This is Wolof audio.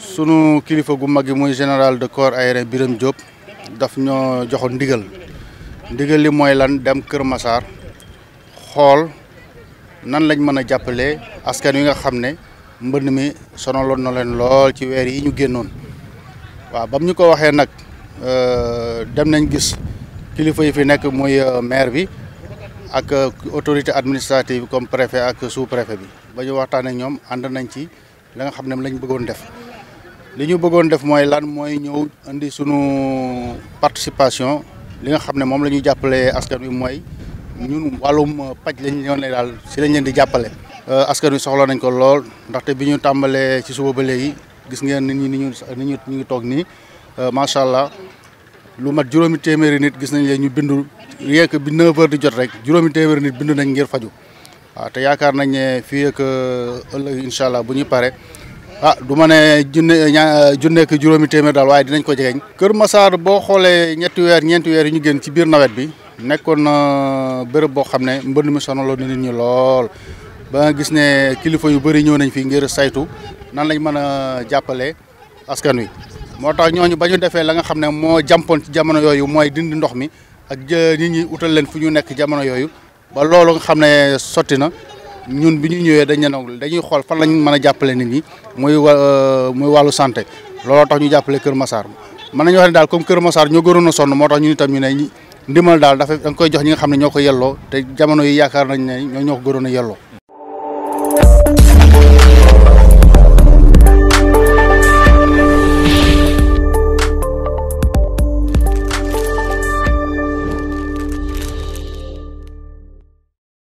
sunu kilifa gu mag muy général de corps aérien Birame job daf ñoo joxoon ndigal ndigal li mooy lan dem Kër Massar nan lañ mana a jàppalee askan wi nga xam ne mbënd mi sonaloon na leen lool ci weer yi ñu génnoon waaw bam ñu ko waxee nag euh, dem nañ gis kilifa yi fi nekk muy euh, maire bi ak euh, autorité administrative comme préfet ak sous préfet bi ba waxtaan ak ñoom ànd nañ ci la nga lañ bëggoon def li bëggoon def mooy lan mooy ñëw indi sunu participation li nga xam ne moom la ñuy jàppale askan wi mooy ñun wàllum paj lañ leen daal si lañ leen di jàppale. Euh, askan wi soxla nañ ko lool ndaxte bi ñu tàmbalee ci suba ba léegi gis ngeen nit ñi ni ñu ni ñu ñu ngi toog nii euh, macha allah lu mat juróomi téeméeri nit gis nañ leen ñu bindu rien que bi 9 heures di jot rek juróomi téeméeri nit bindu nañ ngir faju waaw te yaakaar nañ ne fii ak euh, ëllëg incha allah bu ñu pare. ah du ma ne junne ña junneek juróomi téeméer daal waaye dinañ ko jegeñ Kër Massar boo xoolee ñetti weer ñeenti weer yu ñu génn ci biir nawet bi nekkoon na béréb boo xam ne mbënd mi sonaloon na nit ñi lool ba nga gis ne kilifa yu bëri ñëw nañ fi ngir saytu nan lañ mën a jàppale askan wi. moo tax ñooñu ba ñu defee la nga xam ne moo jàmpoon ci jamono yooyu mooy dindi ndox mi ak nit ñi utal leen fu ñu nekk jamono yooyu ba loolu nga xam ne sotti na ñun bi ñu ñëwee dañ ne dañuy xool fan lañ mën a jàppale nit ñi wallu euh, muy wàllu santé looloo tax ñu jàppale Kër Massar mën nañu wax ne daal comme Kër Massar ñoo gënoon a sonn moo tax ñun itam ñu ne ndimbal daal dafa da koy jox ñi nga xam ne ñoo ko yelloo te jamono yi yaakaar nañ ne ñoo ñoo ko a yelloo